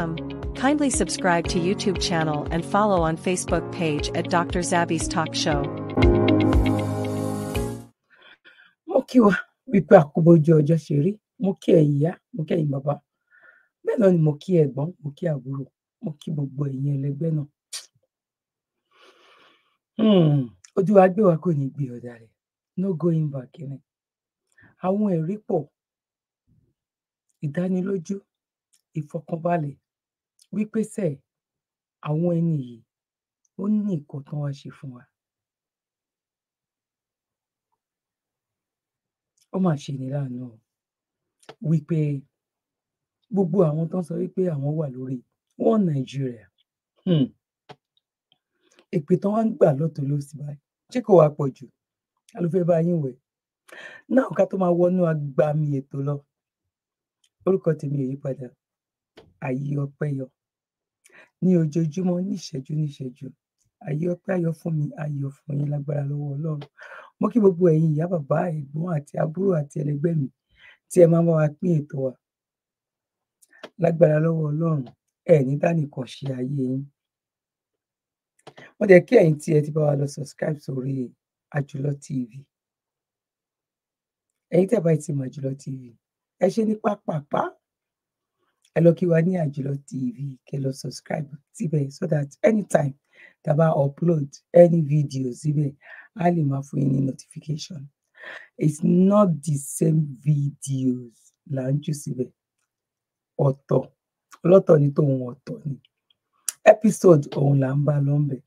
Um, kindly subscribe to YouTube channel and follow on Facebook page at Dr. Zabby's Talk Show. Mo kí wa wípé àkóbójú ọjọ́ ṣe rí, mo kí ẹ̀yin ìyá, mo kí ẹ̀yin bàbá. Bẹ́ẹ̀ náà ni mo kí ẹ̀gbọ́n, mo kí àbúrò, mo kí gbogbo ẹ̀yin ẹlẹgbẹ́ náà. Hmm, Ojú wa gbé wa kò ní gbé ọ̀dà rẹ̀, no going back in. Àwọn ẹ̀rí pọ̀, ìdánilójú, ìfọkànbalẹ̀, wípé sẹ̀, àwọn ẹni yìí, ó ní nǹkan tán wá ṣe fún wa. Ó mà ṣe ni láàánú o wípé gbogbo àwọn tán sọ wípé àwọn wà lórí One Nigeria um èpè tán wá ń gbà lọ́tùn-ún lósì báyìí, ṣé kò wá pọ̀jù? Ta ló fẹ́ bá yín wèé? Now ká tó máa wọnú agbami ètò lọ, orúkọ tèmi ò yípadà, Àyìọpẹ́yọ ní ojoojúmọ́ ní ìṣẹ́jú ní ìṣẹ́jú ayé ọpẹ́ ayọ̀ fún mi ayọ̀ fún yín lágbára lọ́wọ́ Ọlọ́run mo kí gbogbo ẹ̀yin ìyá bàbá ẹ̀gbọ́n àti àbúrò àti ẹlẹgbẹ́ mi tí ẹ máa bá wa pín ètò wa lágbára lọ́wọ́ Ọlọ́run ẹ ní dánìkan ṣe ayé yín wọ́n dẹ̀ kí ẹ̀yin tí ẹ ti bá wa lọ subscribe sórí Àjùlọ TV ẹ̀yin tẹ́ bá ti mọ̀ Àjùlọ TV ẹ ṣe ní pápápá ẹ lọ kí wa ní àjùlọ tv kẹ lọ subscribe síbẹ̀ so that anytime tàbá upload any video síbẹ̀ a lè máa fún yín ní notification it's not the same videos là ń jù síbẹ̀ ọ̀tọ̀ ọlọ́tọ̀ ni tòun ọ̀tọ̀ ni episode òun là ń bá lọ́nbẹ̀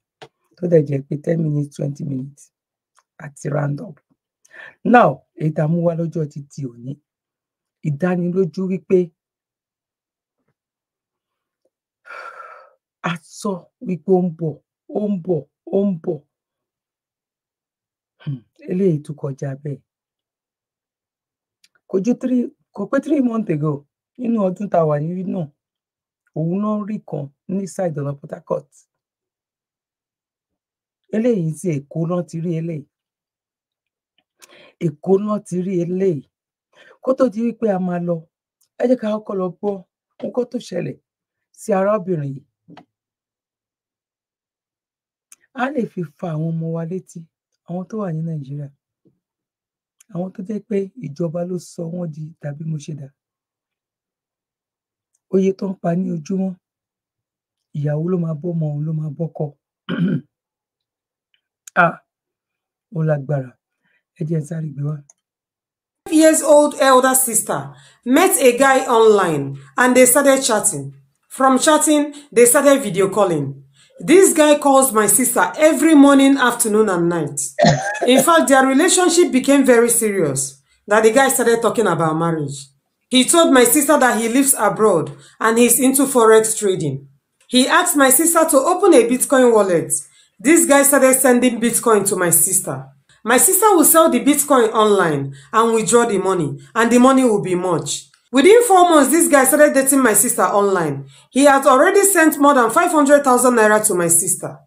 tó dẹ̀ jẹ́ pé ten minutes twenty minutes àti round up now èyí tá a mú wá lọ́jọ́ títí òní ìdánilójú wípé á sọ wípé ó ń bọ̀ ó ń bọ̀ ó ń bọ̀ hmm, eléyìí tún kọjá bẹ́ẹ̀ kò ju three kò pé three months ago nínú ọdún tá a wà yìí náà òun náà rí kan ní side ọ̀nà Port Harcourt eléyìí ti Èkó náà ti rí eléyìí Èkó náà ti rí eléyìí kó tó di wípé a máa lọ ẹ jẹ́ ká kọ́kọ́ lọ gbọ́ nǹkan tó ṣẹlẹ̀ sí arábìnrin yìí á lè fi fa àwọn ọmọ wa létí àwọn tó wà ní nàìjíríà àwọn tó jẹ́ pé ìjọba ló sọ wọ́n di tàbí mo ṣe dà oye tó ń pa ní ojúmọ́ ìyàwó ló máa bọ́mọ ló máa bọ́kọ ah ó lágbára ẹ jẹ́ sáré gbé wá. five years old elder sister met a guy online and they started chatting from chatting they started video calling. This guy calls my sister every morning, afternoon, and night. In fact, their relationship became very serious that the guy started talking about marriage. He told my sister that he lives abroad and he's into forex trading. He asked my sister to open a Bitcoin wallet. This guy started sending Bitcoin to my sister. My sister will sell the Bitcoin online and withdraw the money, and the money will be much. Within four months, this guy started dating my sister online. He had already sent more than 500,000 naira to my sister.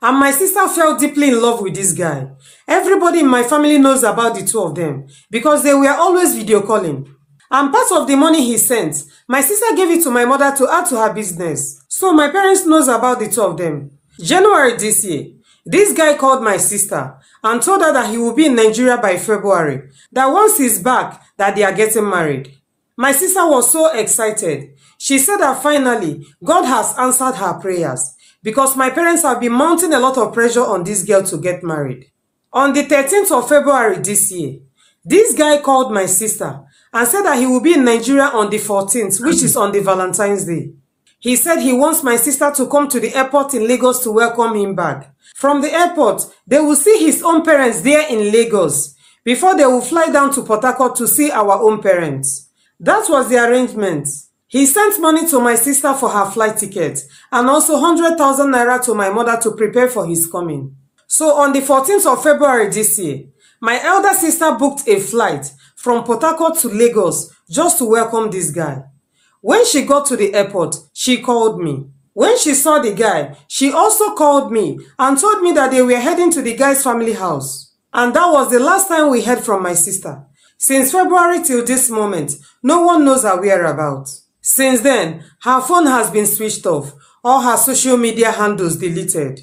And my sister fell deeply in love with this guy. Everybody in my family knows about the two of them because they were always video calling. And part of the money he sent, my sister gave it to my mother to add to her business. So my parents knows about the two of them. January this year, this guy called my sister and told her that he will be in Nigeria by February. That once he's back, that they are getting married. My sister was so excited. She said that finally, God has answered her prayers because my parents have been mounting a lot of pressure on this girl to get married. On the 13th of February this year, this guy called my sister and said that he will be in Nigeria on the 14th, which is on the Valentine's Day. He said he wants my sister to come to the airport in Lagos to welcome him back. From the airport, they will see his own parents there in Lagos before they will fly down to Port Harcourt to see our own parents. That was the arrangement. He sent money to my sister for her flight ticket and also 100,000 naira to my mother to prepare for his coming. So on the 14th of February this year, my elder sister booked a flight from Port Harcourt to Lagos just to welcome this guy. When she got to the airport, she called me. When she saw the guy, she also called me and told me that they were heading to the guy's family house. And that was the last time we heard from my sister. Since February till this moment, no one knows her whereabouts. Since then, her phone has been switched off, all her social media handles deleted.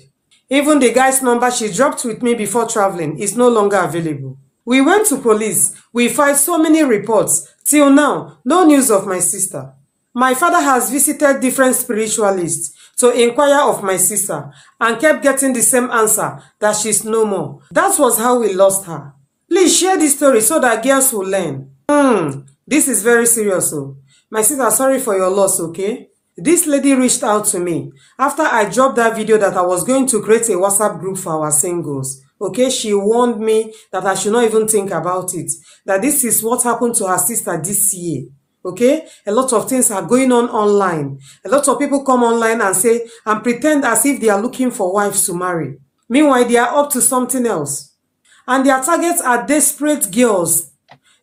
Even the guy's number she dropped with me before traveling is no longer available. We went to police, we filed so many reports, till now, no news of my sister. My father has visited different spiritualists to inquire of my sister and kept getting the same answer that she's no more. That was how we lost her. Please share this story so that girls will learn. Hmm, this is very serious. Oh. My sister, sorry for your loss, okay? This lady reached out to me after I dropped that video that I was going to create a WhatsApp group for our singles. Okay, she warned me that I should not even think about it. That this is what happened to her sister this year. Okay, a lot of things are going on online. A lot of people come online and say and pretend as if they are looking for wives to marry. Meanwhile, they are up to something else. And their targets are desperate girls.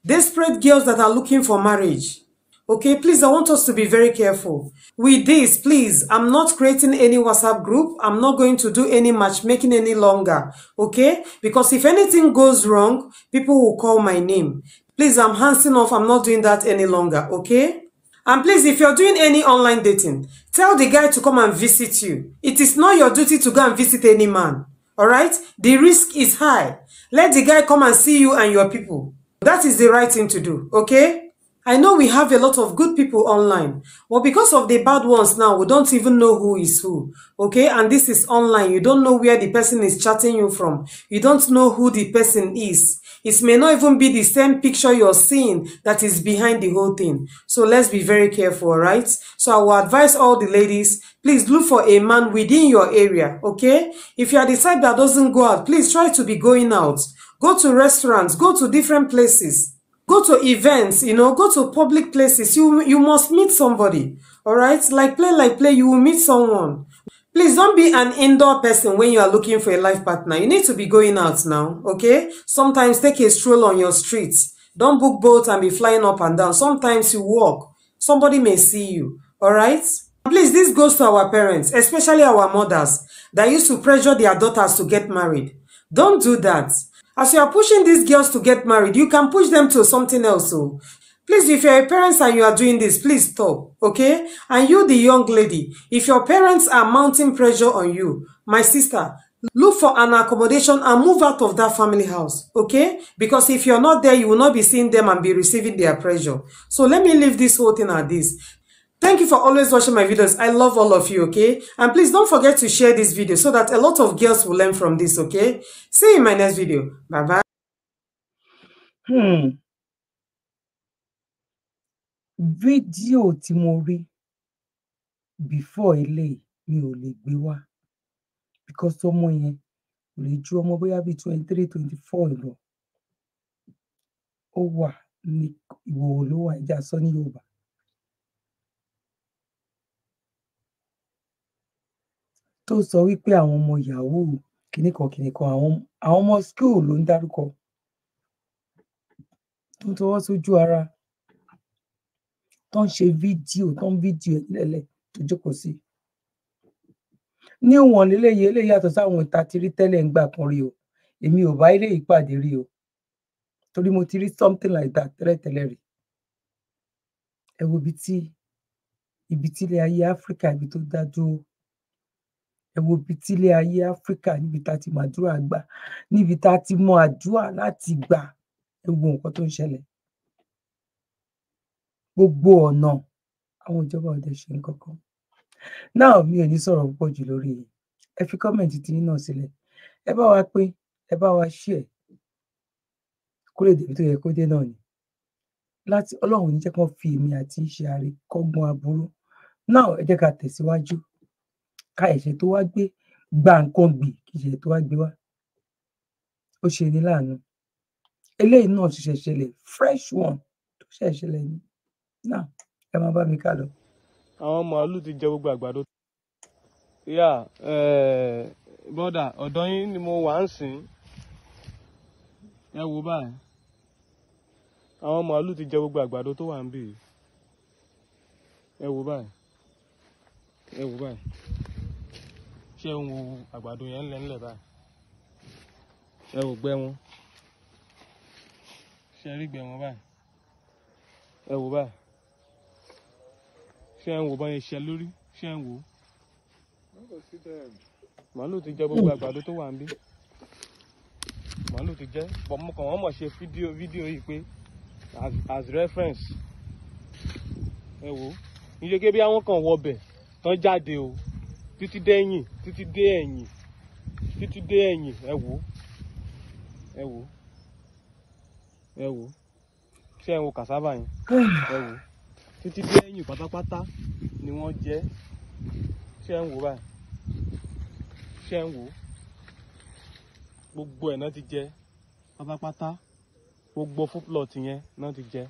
Desperate girls that are looking for marriage. Okay, please, I want us to be very careful. With this, please, I'm not creating any WhatsApp group. I'm not going to do any matchmaking any longer. Okay? Because if anything goes wrong, people will call my name. Please, I'm handsing off. I'm not doing that any longer. Okay? And please, if you're doing any online dating, tell the guy to come and visit you. It is not your duty to go and visit any man. All right? The risk is high. Let the guy come and see you and your people. That is the right thing to do, okay? I know we have a lot of good people online, Well, because of the bad ones now, we don't even know who is who, okay? And this is online. You don't know where the person is chatting you from. You don't know who the person is. It may not even be the same picture you're seeing that is behind the whole thing. So let's be very careful, right? So I will advise all the ladies, please look for a man within your area, okay? If you are the type that doesn't go out, please try to be going out. Go to restaurants, go to different places. Go to events, you know, go to public places. You, you must meet somebody, all right? Like play, like play, you will meet someone. Please don't be an indoor person when you are looking for a life partner. You need to be going out now, okay? Sometimes take a stroll on your streets. Don't book boats and be flying up and down. Sometimes you walk. Somebody may see you, all right? Please, this goes to our parents, especially our mothers that used to pressure their daughters to get married. Don't do that. As you are pushing these girls to get married, you can push them to something else. So oh. Please, if you're a parent and you are doing this, please stop, okay? And you, the young lady, if your parents are mounting pressure on you, my sister, look for an accommodation and move out of that family house, okay? Because if you're not there, you will not be seeing them and be receiving their pressure. So let me leave this whole thing at this. Thank you for always watching my videos. I love all of you, okay? And please don't forget to share this video so that a lot of girls will learn from this, okay? See you in my next video. Bye-bye. Hmm. fídíò tí mo rí before eléyìí mi ò lè gbé wá because ọmọ yẹn kò lè ju ọmọ bóyá bíi twenty three twenty four lọ ó wà ní ìwòwò ló wà ẹja sọ ní yorùbá tó sọ wípé àwọn ọmọ yahoo kìnnìkan kìnnìkan àwọn àwọn ọmọ school ló ń dárúkọ tó ń tọwọ́ sójú ara tó ń ṣe fídíò tó ń fídíò ìlẹ̀lẹ̀ tó jókòó sí. níwọ̀n léléyìí eléyìí yàtọ̀ sáwọn ìta ti rí tẹ́lẹ̀ ń gbà kan rí o èmi ò bá ilé ìpàdé rí o torí mo ti rí something like that tẹ́lẹ̀tẹ́lẹ̀ rí. ẹ wo ibi tí ibi tílé ayé áfíríkà ibi tó dá dúró ẹ wo ibi tílé ayé áfíríkà níbi tá a ti mọ àdúrà gbà níbi tá a ti mọ àdúrà láti gbà ẹ wo nǹkan tó ń ṣẹlẹ̀ gbogbo ọ̀nà àwọn ìjọba ọ̀dẹ ṣe ń kankan náà mi ò ní sọ̀rọ̀ púpọ̀ jù lórí yìí ẹ fi kọ́mẹ̀ntì tí náà sílẹ̀ ẹ bá wa pín ẹ bá wa ṣí ẹ kó lè débi tó yẹ kó dé náà ni láti ọlọ́run ní jẹ́ kí wọ́n fi èmi àti iṣẹ́ àárẹ̀ kọ́gbọ́n aburú náà ẹ jẹ́ ká tẹ̀síwájú ka ẹ̀ṣẹ̀ tó wá gbé gba nǹkan gbì kì í ṣe tó wá gbé wá ó ṣe ní láàánú eléyìí náà ṣẹ̀ṣẹ̀ ṣẹlẹ̀ fresh one tó ṣẹ̀ṣẹ̀ ṣẹlẹ̀ ni náà ẹ máa bá mi ká lọ. àwọn ti jẹ gbogbo àgbàdo. yà eh, bọ́dà ọ̀dọ́ yín ni mo wà ń sìn ẹ wo báyìí àwọn ti jẹ gbogbo àgbàdo tó wà ń bì ẹ wo báyìí ẹ wo báyìí ṣé ń wo àgbàdo yẹn báyìí ẹ wò wọn ṣe rí wọn báyìí ẹ ṣé ẹ ń wo báyẹn ṣe lórí ṣé ẹ ń wo. màálù ti jẹ gbogbo àgbàdo tó wà ń bí màálù ti jẹ bọ mo kàn wọn mọ ṣe fídíò fídíò yìí pé as as reference ẹ wo níṣẹ́ kébí àwọn kan wọ tán jáde o títí dé ẹ̀yìn títí dé ẹ̀yìn títí dé ẹ̀yìn ẹ wo ẹ wo ẹ wo ṣé ẹ wo cassava yẹn ẹ wo títí dé ẹ̀yìn pátápátá ni wọ́n jẹ́ ṣé ń wò báyìí ṣé ń wò gbogbo ẹ̀ náà ti jẹ pátápátá gbogbo fúplọ̀t yẹn náà ti jẹ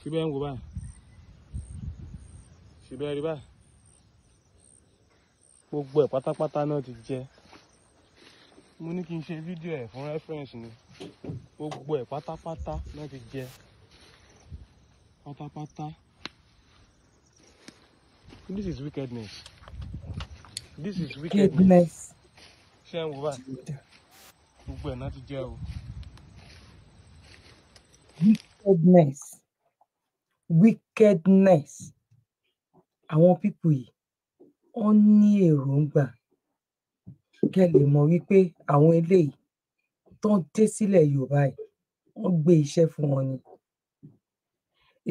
ṣíbẹ̀ ń wò báyìí ṣíbẹ̀ rí báyìí gbogbo ẹ̀ pátápátá náà ti jẹ mo ní kí n ṣe fídíò ẹ̀ fún rẹ́fẹ̀rẹ̀nsì ni gbogbo ẹ̀ pátápátá náà ti jẹ pátápátá. This is wickedness. This is wickedness. Ṣé ń wò Gbogbo ẹ̀ náà ti jẹ́ o. Wickedness. Wickedness. Àwọn pípù yìí, wọ́n ní èròǹgbà. Kẹ́ lè mọ̀ wípé àwọn eléyìí tó ń dé sílẹ̀ Yorùbá yìí, wọ́n gbé iṣẹ́ fún wọn ni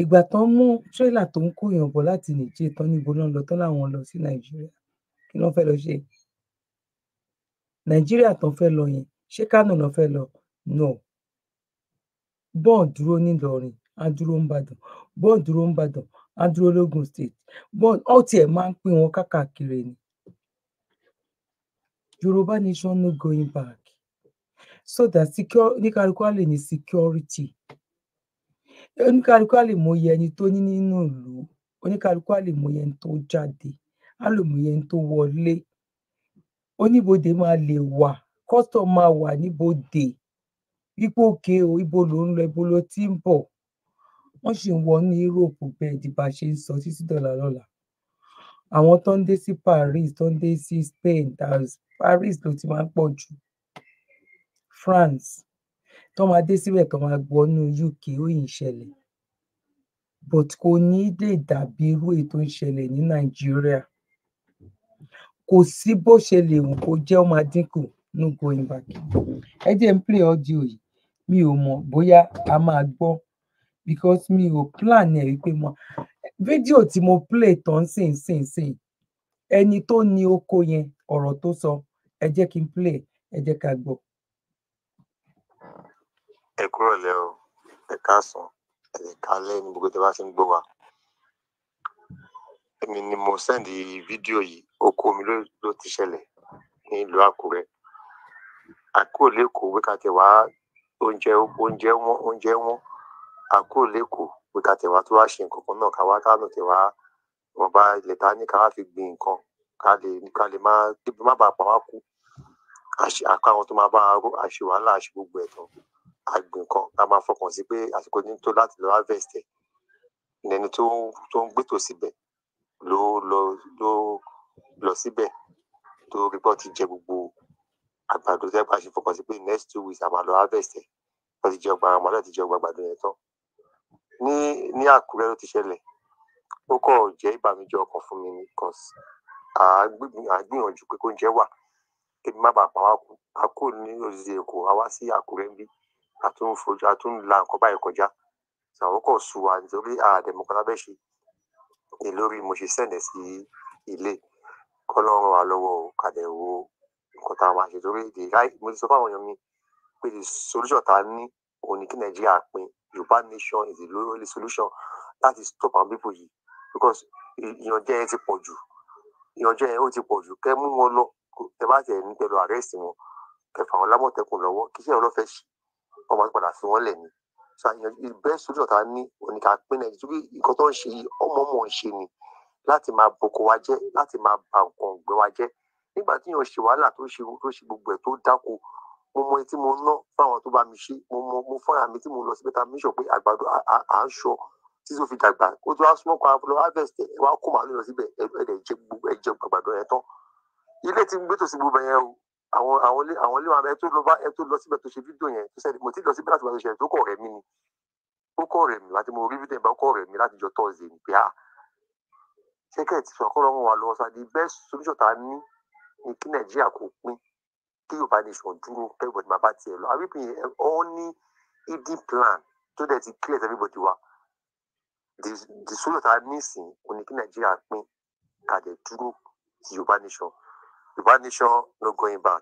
ìgbà tán mú tírélà tó ń kó èèyàn bọ̀ láti nìjẹ́ tán níbo náà lọ tán láwọn lọ sí nàìjíríà kí ló fẹ́ lọ ṣe nàìjíríà tán fẹ́ lọ yẹn ṣé kánò náà fẹ́ lọ no bọ́ọ̀n dúró nílọrin á dúró nìbàdàn bọ́ọ̀n dúró nìbàdàn á dúró lógùn state bọ́ọ̀n ó tiẹ̀ máa ń pín wọn káàkiri ni yorùbá nation no going back so that secure ní kálukú á lè ní security oníkálukú á lè mọyì ẹni tó ní nínú ìlú oníkálukú á lè mọyì ẹni tó jáde á lè mọyì ẹni tó wọlé oníbodè máa lè wà kọ́tọ̀ máa wà níbodè wípé òkè o ibo ló ń lọ ibo ló ti ń bọ̀ wọ́n sì ń wọ ní Europe bẹ́ẹ̀ di bá a ṣe ń sọ títí dọ̀là lọ́la àwọn tó ń dé sí Paris tó ń dé sí Spain Paris ló ti máa ń pọ̀ jù France tó máa dé síbẹ̀ kan máa wọnú UK ó yìí ṣẹlẹ̀ but kò ní lè dàbí irú èyí tó ń ṣẹlẹ̀ ní Nàìjíríà kò sí bó ṣe lè wù kó jẹ́ ó máa dínkù no going back ẹ jẹ́ n play audio yìí mi ò mọ̀ bóyá a máa gbọ́ because mi ò plan ẹ̀ wípé mo fídíò tí mo play tán sìn sìn sìn ẹni tó ní oko yẹn ọ̀rọ̀ tó sọ ẹ jẹ́ kí n play ẹ jẹ́ ká gbọ́ ẹ kúrọ̀lẹ́ o ẹ káàsán ẹ kálẹ́ ní gbogbo tí a bá ti ń gbọ́ wa èmi ni mo sẹ́ndì fídíò yìí oko mi ló ti ṣẹlẹ̀ ní ìlú Àkúrẹ́ àkúrò lẹ́kọ̀ọ́ pé ká tẹ̀ wá oúnjẹ oúnjẹ wọn oúnjẹ wọn àkúrò lẹ́kọ̀ọ́ pé ká tẹ̀ wá tó wá ṣe nǹkan kan náà ká wá ká lọ wá wọn bá ilẹ̀ ta ní ká wá fi gbin nǹkan ká lè ká lè má débi má pa wá kú àṣà tó máa bá a ṣe wàhálà àṣe ẹ̀ tán àgbìn kan a máa fọkàn sí pé àsìkò ní tó láti lọ harvest ẹ̀ ẹni tó tó ń gbètò síbẹ̀ ló lọ ló lọ síbẹ̀ tó rí bọ́ ti jẹ gbogbo àgbàdo tẹ́ bá ṣe fọkàn sí pé next two weeks a máa lọ harvest ẹ̀ wọ́n ti jẹ ọgbà àwọn ọmọdé ti jẹ ọgbà àgbàdo yẹn tán ní ní Àkúrẹ́ ló ti ṣẹlẹ̀ ó kọ̀ jẹ́ ìbànújẹ́ ọkàn fún mi because àgbìyànjú pé kó ń jẹ́ wà kí n má bàa pa wá kú a ní òṣìṣẹ́ Èkó a wá sí Àkúrẹ́ ń a tún ń fojú a tún ń la nǹkan báyìí kọjá àwọn kan sùn wa nítorí àdèmọkànlá bẹ́ẹ̀ ṣe ni lórí mo ṣe sẹ̀nẹ̀ sí ilé kọ́lọ́run wa lọ́wọ́ kàdẹ̀ wo nǹkan tá a máa ṣe torí the right mo ti sọ fáwọn èèyàn mi pé the solution tá ní òun ni kí Nàìjíríà pín Yorùbá nation is the only solution that is stop our people yìí because ìyànjẹ yẹn ti pọ̀ jù ìyànjẹ yẹn ó ti pọ̀ jù kẹ́ mú wọn lọ tẹ bá tẹ̀ ní pẹ̀lú àrẹ́sì wọn kẹfà wọn lámọ̀tẹ́kùn lọ́wọ́ kí iṣẹ́ wọn lọ́ fẹ́ ṣe ọmọ àgbàdà fi wọ́n lẹ̀ ni so àyànjú bẹ́ẹ̀ sójú ọ̀tá ní oníkà pín náà nítorí nǹkan tó ń ṣe yìí ọmọ ọmọ ń ṣe ni láti máa boko wa jẹ́ láti máa ba nǹkan ọ̀gbẹ́ wa jẹ́ nígbà tí yàn ṣe wàhálà tó ṣe tó ṣe gbogbo ẹ̀ tó dáko mo mọ etí mo ná fáwọn tó bá mi ṣe mo mọ mo fúnra mi tí mo lọ sí bẹ́tà mi sọ pé àgbàdo à ń sọ tí tó fi dàgbà ó tó wá súnmọ́ kan lọ harvest ẹ̀ wá kó màálù lọ síbẹ̀ ẹ̀ ẹ̀ jẹ gbogbo ẹ̀ jẹ àgbàdo ẹ̀ tán ilé ti gbé tòsí gbogbo yẹn o àwọn àwọn ilé àwọn ilé wọn ẹ tó lọ bá ẹ tó lọ síbẹ̀ tó ṣe fídíò yẹn tó sẹ́ni mo ti lọ síbẹ̀ láti wá ṣe ṣẹ̀yìn tó kọ̀ rẹ̀ mí ni ó kọ̀ rẹ̀ mí láti mo rí fídíò yẹn bá kọ̀ rẹ̀ mí láti jọ tọ́sídẹ̀ẹ́ ni pé a ah, ṣẹ́kẹ̀ ti sọ̀rọ̀ kọ́lọ́ wọn wà lọ sa the best solution ta ní ni kí nàìjíríà kò pín kí yorùbá nation dúró everybody máa bá tiẹ̀ lọ àbí pin ọ ní hidden plan tó dẹ̀ ti clear everybody wa the solution ta ní sìn òní kí nàìjíríà pín kàdé dúró ti yorùbá nation Yorùbá nation no going back.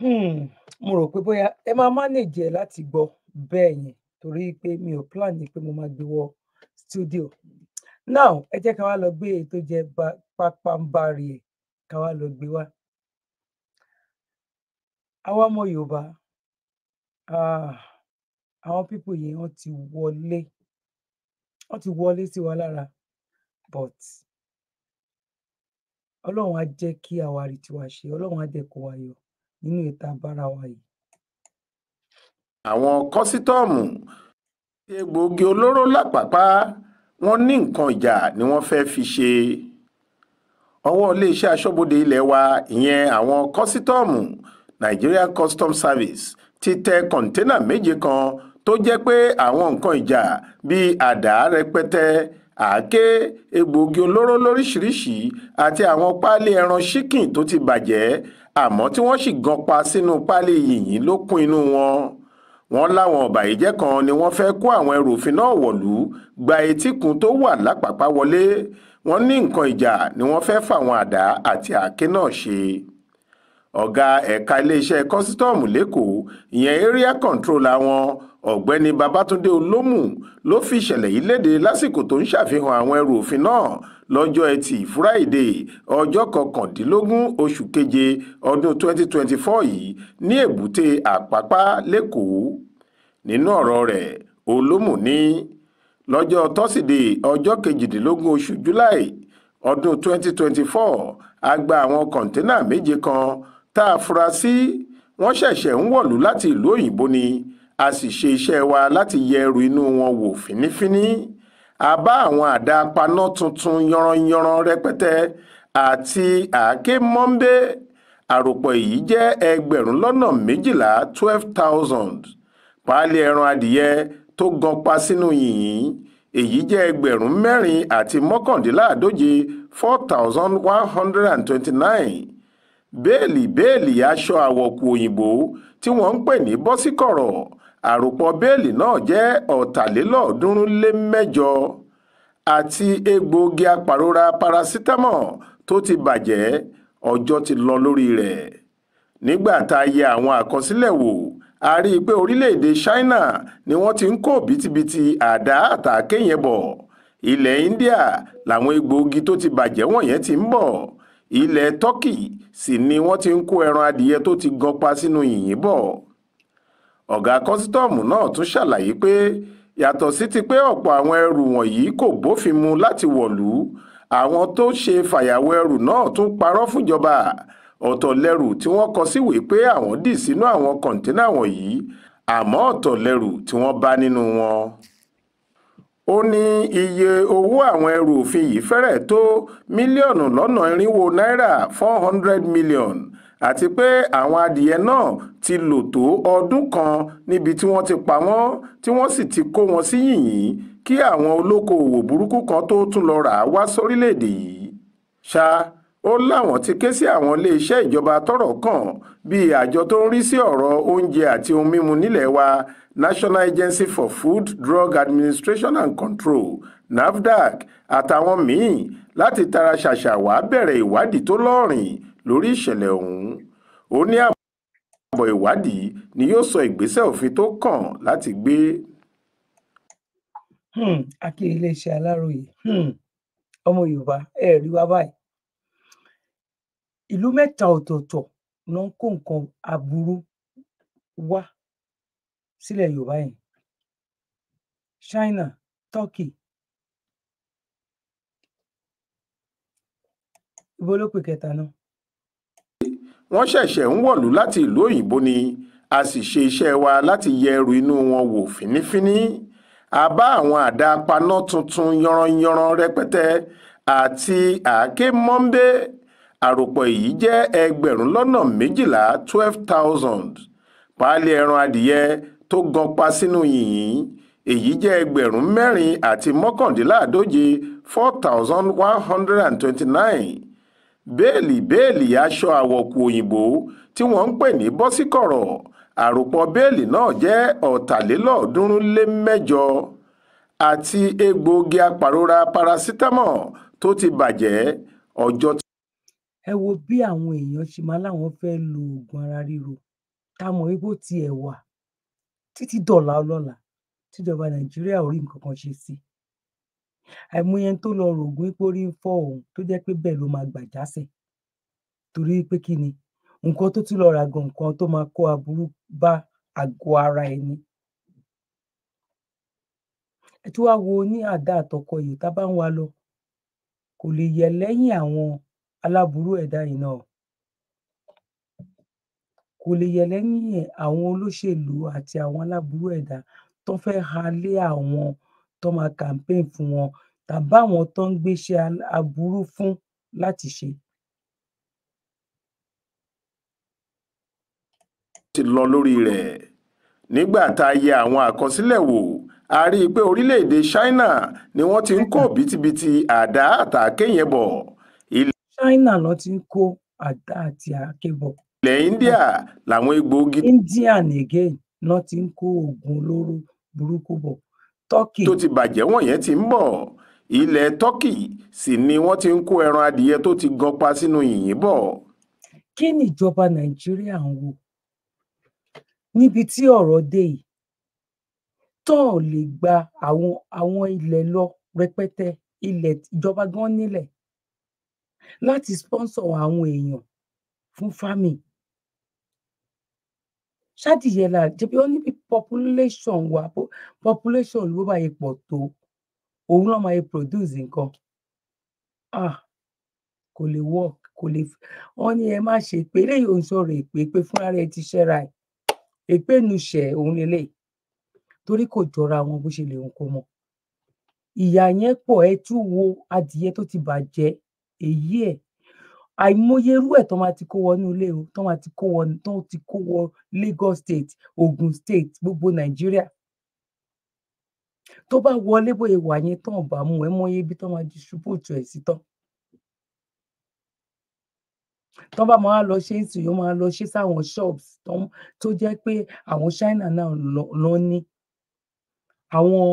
Hmm, mo rò pé bóyá ẹ máa manage ẹ láti gbọ́ bẹ́ẹ̀ yẹn torí pé mi ò plan ni pé mo máa gbé wọ studio now ẹ jẹ́ ká wá lọ gbé èyí tó jẹ́ pápánbarì ẹ̀ ká wá lọ gbé wá. àwa ọmọ Yorùbá àwọn pípò yìí wọ́n ti wọlé wọ́n ti wọlé sí wa lára but ọlọ́run á jẹ́ kí àwárí tiwa ṣe ọlọ́run á jẹ́ kó wa yọ nínú ìta bára wa yìí. àwọn kọ́sítọ́ọ̀mù ti egbòogi olóró lápapá wọ́n ní nǹkan ìjà ni wọ́n fẹ́ fi ṣe ọwọ́ iléeṣẹ́ aṣọ́bodè ilé wa ìyẹn àwọn kọ́sítọ́ọ̀mù Nigerian Customs Service ti tẹ kọ̀ńténà méje kan tó jẹ́ pé àwọn nǹkan ìjà bíi àdá rẹpẹtẹ àáké egbòogi olóró lóríṣìíríṣìí àti àwọn páálí ẹran ṣíkìn tó ti bàjẹ́ àmọ́ tí wọ́n sì gan pa sínú páálí yìnyín ló kún inú wọn wọ́n láwọn ọ̀bàyéjẹ́ kan ni wọ́n fẹ́ kó àwọn ẹrù òfin náà wọ̀lú gba etíkun tó wà lápàpá wọlé wọ́n ní nǹkan ìjà ni wọ́n fẹ́ fàwọn àdá àti àáké náà ṣe ọ̀gá ẹ̀ka iléeṣẹ́ kọ́sítọ́ọ̀mù lẹ́kọ̀ọ́ ìyẹn area controller wọn ọ̀gbẹ́ni babatunde olómù ló fi ìṣẹ̀lẹ̀ yìí léde lásìkò tó ń ṣàfihàn àwọn ẹrù òfin náà lọ́jọ́ ẹtì fúráìdè ọjọ́ kọkàndínlógún oṣù keje ọdún 2024 yìí ní èbúté àpápá lẹ́kọ̀ọ́ nínú ọ̀rọ̀ rẹ̀ olómù ní lọ́jọ́ tọ́sídẹ̀ẹ́ ọjọ́ kejìdínlógún oṣù july ọdún 2024 a gba àwọn kọ̀ǹténà méje kan tá a fura sí wọ́n ṣẹ̀ṣẹ̀ ń wọ̀lú láti ìlú òyìnbó ni a sì ṣe iṣẹ́ wa láti yẹ ẹrù inú wọn wò fínífíní a bá àwọn àdá apaná tuntun yanranyanran rẹpẹtẹ àti àáké mọ́ńbé àròpọ̀ èyí jẹ́ ẹgbẹ̀rún lọ́nà méjìlá twelve thousand páálí ẹran adìyẹ tó ganpa sínú yìnyín èyí jẹ́ ẹgbẹ̀rún mẹ́rin àti mọ́kàndínláàdóje four thousand one hundred and twenty-nine bẹ́ẹ̀lì bẹ́ẹ̀lì aṣọ àwọ̀kù òyìnbó tí wọ́n ń pè ní bọ́síkọ̀rọ̀ àròpọ̀ bẹ́ẹ̀lì náà jẹ́ ọ̀tàlélọ́ọ̀ọ́dúnrún lé mẹ́jọ àti egbòogi apàrora parasitamọ́ tó ti bàjẹ́ ọjọ́ ti lọ lórí rẹ̀ nígbà tá a yẹ àwọn àkọsílẹ̀ wò a rí i pé orílẹ̀-èdè China ni wọ́n ti ń kó bítíbitì àdá àtàkéyẹn bọ̀ ilẹ̀ India làwọn egbòogi tó ti bàjẹ́ wọ̀nyẹn ti ń bọ̀ ilẹ̀ tọ́kì sì ni wọ́n ti ń kó ẹran adìyẹ tó ti ganpa sínú yìnyín bọ̀ ọ̀gá kọ́sítọ́ọ̀mù náà tún ṣàlàyé pé yàtọ̀ sí ti pé ọ̀pọ̀ àwọn ẹrù wọ̀nyí kò bófin mu láti wọ̀lú àwọn tó ṣe fàyàwọ́ ẹrù náà tún parọ́ fúnjọba ọ̀tọ̀ lẹ́rù tí wọ́n kọ síwèé pé àwọn dì sínú àwọn kọ̀ǹténà wọ̀nyí àmọ́ ọ̀tọ̀ lẹ́rù tí wọ́n bá nínú wọn ó ní iye owó àwọn ẹrù òfin yìí fẹ́rẹ̀ tó mílíọ̀nù lọ́nà irínwó náírà four hundred million àti pé àwọn adìyẹ náà ti lò tó ọdún kan níbi tí wọ́n ti pa wọ́n tí wọ́n sì ti kó wọn sí yìnyín kí àwọn olókoòwò burúkú kan tó tún lọ rà á wá sórílẹ̀‐èdè yìí ṣáá ó láwọn ti ké sí àwọn iléeṣẹ́ ìjọba tọ́rọ̀ kàn bíi àjọ tó ń rí sí ọ̀rọ̀ oúnjẹ àti ohun mímu nílẹ̀ wa National Agency for Food, Drug Administration and Control NAFDAC àtàwọn míín láti tara ṣàṣà wá bẹ̀rẹ̀ ìwádìí tó lọ́rìn lórí ìṣẹ̀lẹ̀ ọ̀hún ó ní àbọ̀ ìwádìí ni yóò sọ ìgbésẹ̀ òfin tó kàn láti gbé. Hmm, akiri iléeṣẹ́ aláròye hmm, ọmọ yorùbá ẹ̀ẹ́rí wá báyìí ìlú mẹ́ta ọ̀tọ̀ọ̀tọ̀ ló ń kó nǹkan aburú wá sílẹ̀ yorùbá yìí china turkey ibo ló pè kẹta náà. wọ́n ṣẹ̀ṣẹ̀ ń wọ̀lú láti ìlú òyìnbó ni a sì ṣe iṣẹ́ wa láti yẹ ẹrù inú wọn wò fínífíní a bá àwọn àdá paná tuntun yanranyanran rẹpẹtẹ àti àáké mọ́ńbé àròpọ̀ èyí jẹ́ ẹgbẹ̀rún lọ́nà méjìlá twelve thousand páálí ẹran adìyẹ tó ganpa sínú yìnyín èyí jẹ́ ẹgbẹ̀rún mẹ́rin àti mọ́kàndínláàdóje four thousand one hundred and twenty-nine bẹ́ẹ̀lì bẹ́ẹ̀lì aṣọ àwọ̀kù òyìnbó tí wọ́n ń pè ní bọ́síkọ̀rọ̀ àròpọ̀ bẹ́ẹ̀lì náà jẹ́ ọ̀tàlélọ́ọ̀ọ́dúnrún lé mẹ́jọ àti egbòogi apàrora parasitamọ́ tó ti bàjẹ́ ọjọ́ ẹ wo bí àwọn èèyàn ṣe máa láwọn fẹ́ lo oògùn ara ríro tá mọ̀ wípé ó tiẹ̀ wà títí dọ̀la ọlọ́la tíjọba nàìjíríà ò rí nǹkan kan ṣe sí àìmọye tó lọ rògùn pé orí ń fọ́ òun tó jẹ́ pé bẹ́ẹ̀ ló máa gbà jásẹ̀ torí pé kí ni nǹkan tó tún lọ rà gan nǹkan tó máa kó aburú bá àgọ́ ara ẹni ẹ tún wá wo ní àdá àtọkọ yìí tá bá ń wa lọ kò lè yẹ lẹ́yìn àwọn aláburú ẹ̀dá yìí náà kò lè yẹ lẹ́yìn ẹ̀ àwọn olóṣèlú àti àwọn aláburú ẹ̀dá tó fẹ́ halé àwọn tó máa campaign fún wọn tàbí àwọn tó ń gbéṣẹ́ aburú fún láti ṣe. ti lọ lórí rẹ̀ nígbà tá a yẹ àwọn àkọsílẹ̀ wò a rí i pé orílẹ̀-èdè China ni wọ́n ti ń kó bìtìbìtì àdá àtàkéyẹn china ló ti ń kó àdá àti àáké ilẹ̀ india làwọn egbòogi. india nìgẹ̀ ló ti ń kó oògùn olóró burúkú bọ̀. turkey tó ti bàjẹ́ wọ̀nyẹn ti ń bọ̀ ilẹ̀ turkey sì ni wọ́n ti ń kó ẹran adìyẹ tó ti ganpa sínú yìnyín bọ̀. kí ni ìjọba nàìjíríà ń wò níbi tí ọ̀rọ̀ dé yìí tó lè gba àwọn ilẹ̀ lọ rẹpẹtẹ ilẹ̀ ìjọba gan nílẹ̀ láti sponsor àwọn èèyàn fún farming ṣádìyẹlà jẹbi wọn níbi population wa population ló bá yẹ pọ̀ tó òun náà máa yẹ produce nǹkan ah kò lè work kò lè wọn ní ẹ má ṣe pé eléyìí òun sọ̀rọ̀ èpè pé fúnra rẹ̀ ti ṣẹra ẹ èpè nùṣẹ òun lélẹ torí kò jọra wọn bó ṣe lè ń kó mọ ìyá yẹn pọ̀ ẹ tún wo adìyẹ tó ti bàjẹ́ èyí ẹ̀ àìmọye irú ẹ̀ tó máa ti kó wọnú ilé o tó máa ti kó wọ tó ti kó wọ Lagos State Ogun State gbogbo Nàìjíríà tó bá wọlé bóyá wà yẹn tán bá mú ẹ mọye ibi tó máa distribute ẹ sí tán tó bá máa lọ ṣe é sì yóò máa lọ ṣe sáwọn shops tó jẹ́ pé àwọn China náà lọ ní àwọn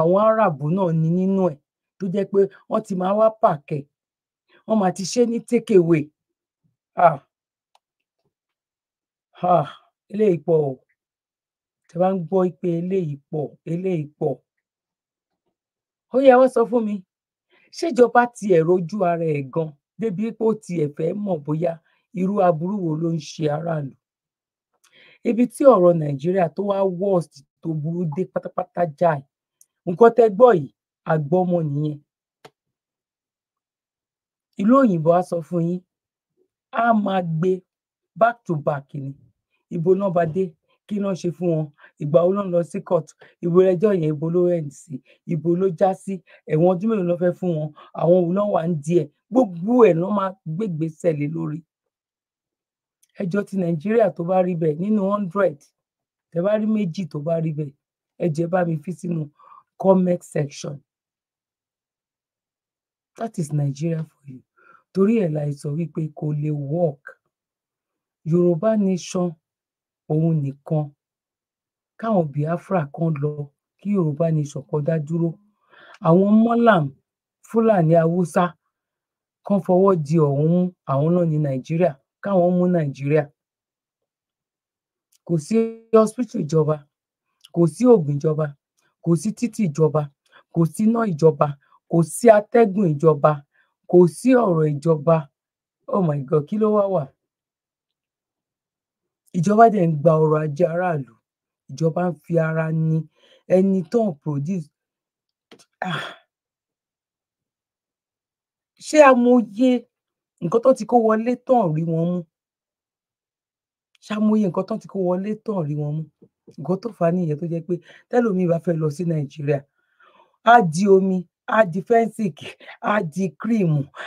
àwọn Arab náà ní nínú ẹ̀ tó jẹ́ pé wọ́n ti máa wá pàkẹ́ wọn máa ti ṣe ní take away ah ah eléyìí pọ̀ o tẹ bá ń gbọ́ pé eléyìí pọ̀ eléyìí pọ̀ ó yẹ wọ́n sọ fún mi ṣèjọba tiẹ̀ rojú ara ẹ̀ gan débi pé ó tiẹ̀ fẹ́ mọ̀ bóyá irú aburú wo ló ń ṣe aráàlú ibi tí ọ̀rọ̀ nàìjíríà tó wá worst tó burú dé pátápátá jáì nǹkan tẹ́ gbọ́ yìí àgbọ́mọ nìyẹn ìlú òyìnbó á sọ fún yín A máa gbé back to back ni ìbò náà bá dé kí náà ṣe fún wọn ìgbà wo ló ń lọ sí court ìbò ẹjọ́ yẹn ìbò ló rẹǹd sí ìbò ló já sí ẹ̀wọ̀n ọdún mélòó ló fẹ́ fún wọn àwọn òun náà wà ń díẹ̀ gbogbo ẹ̀ ló máa gbégbé sẹlẹ lórí ẹjọ́ ti nàìjíríà tó bá rí bẹ́ẹ̀ nínú hundred tẹ bá rí méjì tó bá rí bẹ́ẹ̀ ẹ jẹ́ bá mi fi sínú comment section that is Nigeria for you torí ẹ̀ la sọ wípé kò lè work yorùbá nation òun nìkan káwọn biafra kan lọ kí yorùbá nation kan dá dúró àwọn mọ́làm fúlàní haúsá kan fọwọ́ di ọ̀hún mú àwọn náà ní nàìjíríà káwọn mú nàìjíríà kò sí hospital ìjọba kò sí oògùn ìjọba kò sí títì ìjọba kò sí iná ìjọba kò sí atẹ́gùn ìjọba kò sí ọ̀rọ̀ ìjọba oh my god kí ló wá wà ìjọba dẹ̀ ń gba ọrọ̀ ajé aráàlú ìjọba ń fi ara ní ẹni tó ń produce ah ṣé amòye nǹkan tó ti kó wọlé tán rí wọn mú ṣàmòye nǹkan tó ti kó wọlé tán rí wọn mú nǹkan tó fà á nìyẹn tó jẹ́ pé tẹlómi bá fẹ́ lọ sí nàìjíríà á di omi á di fẹ́ǹsìkì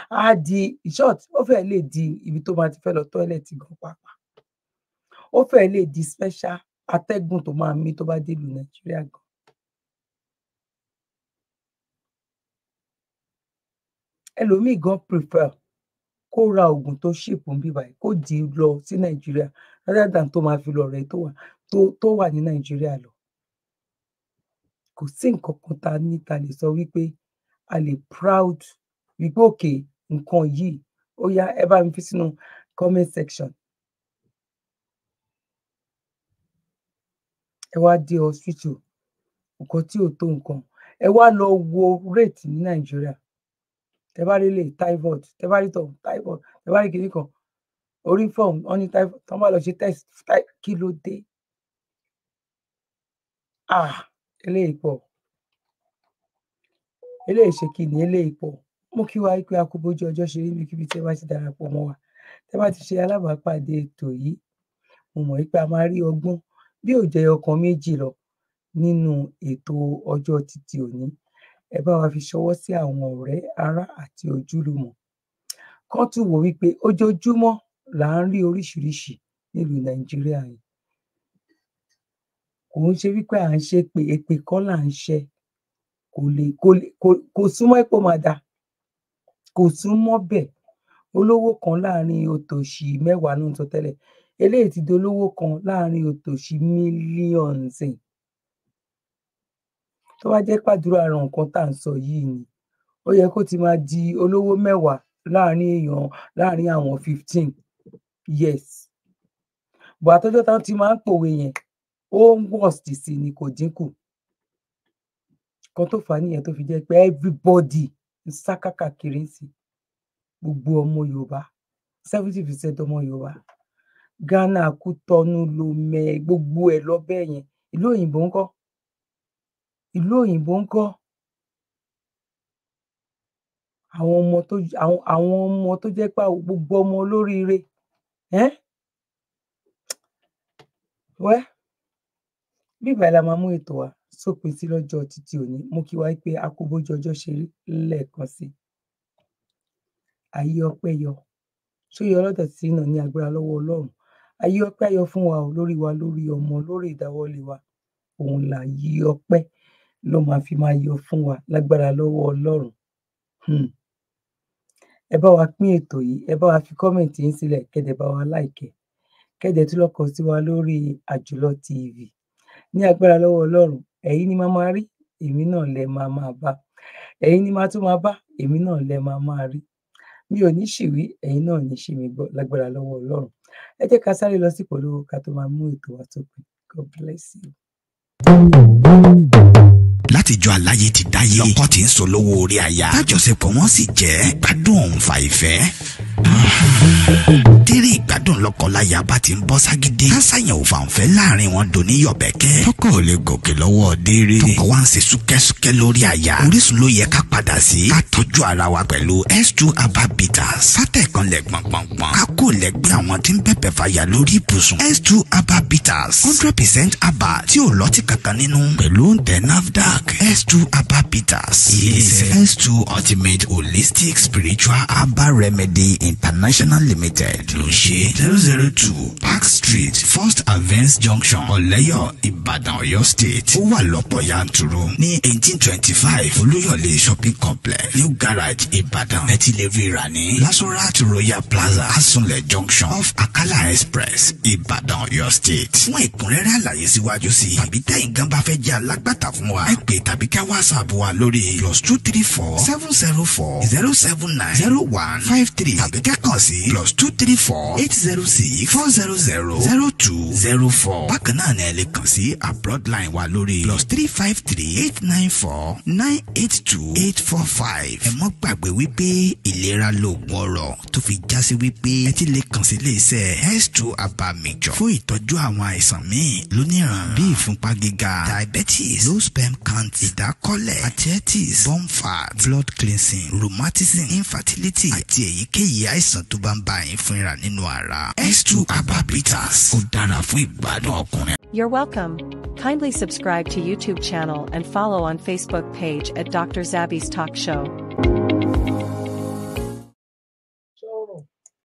á di short ó fẹ́ lè di ibi tó máa ti fẹ́ lọ tọ́ẹ̀lẹ̀tì gan pàápàá ó fẹ́ lè di special atẹ́gùn tó máa mí tó bá dé ìlú nàìjíríà gan. ẹlòmíì gan prefer kó ra oògùn tó ṣèpò ń bíbá yìí kó di lọ sí nàìjíríà rather than tó máa fi lọ rẹ tó wà tó wà ní nàìjíríà lọ kò sí nǹkan kan tá a lè sọ wípé a lè proud wípé òkè nǹkan yìí ó yá ẹ bá mi fi sínú comment section. ẹ wá dé hospital nǹkan tí ò tó nǹkan ẹ wá lọ wo rate ní nàìjíríà tẹ bá rí lè typhoid tẹ bá rí tọ typhoid tẹ bá rí kìíní kan orí fọọmù wọn ní typhoid tọ́ bá lọ ṣe test kí ló dé ah eléyìí pọ̀ eléyìí ṣe kí ni eléyìí pọ̀ mo kí wa pé a kú bójú ọjọ́ ṣe rí mi kíbi tí ẹ bá ti darapọ̀ mọ́ wa tẹ bá ti ṣe alábàápàdé ètò yìí mo mọ̀ pé a máa rí ọgbọ́n bí ò jẹ́ ọkàn méjì lọ nínú ètò ọjọ́ títí òní ẹ bá wa fi ṣọwọ́ sí àwọn ọ̀rẹ́ ará àti ojúlùmọ̀ kan tún wò wípé ojoojúmọ́ là ń rí oríṣiríṣi nílùú nàìjíríà yìí kò ń ṣe wípé à ń ṣe pé èpè kọ́ là ń ṣe kò lè kò lè kò súnmọ́ ipò máa dà kò súnmọ́ bẹ́ẹ̀ olówó kan láàrin òtòṣì mẹ́wàá ló ń sọ tẹ́lẹ̀ eléyìí ti di olówó kan láàrin òtòṣì mílíọ̀nsì tó bá jẹ́ pàdúrà ara nǹkan tá à ń sọ yìí ni ó yẹ kó ti máa di olówó mẹ́wàá láàrin èèyàn láàrin àwọn fifteen yes bọ̀ àtọ́jọ́ táwọn ti máa ń pòwe yẹn ó ń worst sí ni kò dínkù kan tó fà á nìyẹn tó fi jẹ́ pé everybody ń sá kákàkiri ń sìn gbogbo ọmọ yorùbá seventy percent ọmọ yorùbá ghana kútọnú lomẹ gbogbo ẹ lọbẹ yẹn ìlú òyìnbó ńkọ́ ìlú òyìnbó ńkọ́ àwọn ọmọ tó àwọn àwọn ọmọ tó jẹ́ pé gbogbo ọmọ olóríire ẹ wẹ bí ìbàlá máa ètò wa sópin sí lọ́jọ́ títí òní mú kí wáyé pé a kó bójú ọjọ́ ṣe rí lẹ́ẹ̀kan sí ayé ọpẹ́ yọ ṣóyè ọlọ́dọ̀ tí náà ní agbára lọ́wọ́ ọlọ́run ayé ọpẹ́ yọ fún wa lórí wa lórí ọmọ lórí ìdáwọ́lé wa òun là yí ọpẹ́ ló máa fi máa yọ fún wa lágbára lọ́wọ́ ọlọ́run hmm. ẹ bá wa pín ètò yìí ẹ bá wa fi kọ́mẹ̀ntì yín sílẹ̀ kẹ́dẹ̀ bá wa láìkẹ́ kẹ́dẹ̀ tún lọ́kọ̀ sí wa lórí àjùlọ tv ní agbára lọ́wọ́ ọlọ́run ẹ̀yin ni màá máa rí èmi náà lẹ máa máa bá ẹ̀yin ni màá tún máa bá èmi náà lẹ máa máa rí mi ò ní ṣìwí ẹ̀yin náà ní ṣì mí gbọ́ lágbára lọ́wọ́ Ọlọ́run ẹ jẹ́ ká sáré lọ sí ìpolówó ká tó máa mú ètò wa tó God bless you látijọ́ aláyé ti dáyé lọ́kọ́ tí ń so orí aya tájọṣepọ̀ wọn sì jẹ́ gbádùn òǹfà ìfẹ́ tírí ìgbádùn lọ́kọláya bá ti ń bọ́ ságídé kásáyàn ò fàǹfẹ́ láàrin wọn dò ní yọ̀bẹ̀kẹ́ tọkọ ò lè gòkè lọ́wọ́ déere tọkọ wa ń ṣe súkẹ́súkẹ́ lórí àyà orísun ló yẹ ká padà sí ká tọ́jú ara wa pẹ̀lú s2 ababita sátẹ̀kan lẹ̀ gbọ̀ngbọ̀ngbọ̀n ká kó lẹ́gbẹ́ àwọn tí ń bẹ̀bẹ̀ fàyà lórí ibùsùn s2 ababita hundred percent aba tí ò lọ́tì kankan nínú pẹ̀lú oúnjẹ nafdac s2 ababita ilé iṣẹ́ s2 ultimate holistic spiritual herbal remedy international. International Limited ló zero zero two Park Street First Avance Junction Ọ̀lẹ́yọ̀ Ìbàdàn Ọ̀yọ́ State ó wà lọ́pọ̀ yanturu ní eighteen twenty five Olúyọ̀lé Shopping Complex New Garage Ìbàdàn ẹ ti lè rí ra ní Lasorat Royal Plaza Asunlẹ̀ Junction off Akala Express Ìbàdàn Ọ̀yọ́ State fún ẹ̀kúnrẹ́rẹ́ àlàyé síwájú sí i tàbí tẹ̀yìn gan bá fẹ́ jẹ́ alágbàtà fún wa ẹ pè tàbí ká wásaàbù wa lórí plus two three four seven seven four zero seven nine zero one five three tàbí ká kàn sí plus two three four eight zero six four zero zero zero two zero four bákan náà ni ẹ lè kàn sí abroad line wa lórí plus three five three eight nine four nine eight two eight four five ẹ mọ́ gbàgbé wípé ìlera lóògùn ọ̀rọ̀ tó fi já sí wípé ẹ ti lè kàn sí iléeṣẹ́ health to abamijọ fún ìtọ́jú àwọn àìsàn míì lóníran bíi ìfúnpá gíga diabetes low sperm count ìdákọ́lẹ̀ arthritis bone fat blood cleansing rheumatism infertility àti èyíkéyìí àìsàn tó bá ń bá yín nínú ara. S2 dara dára ìgbádùn ọkùnrin. You're welcome. Kindly subscribe to YouTube channel and follow on Facebook page at Dr. Zabby's Talk Show.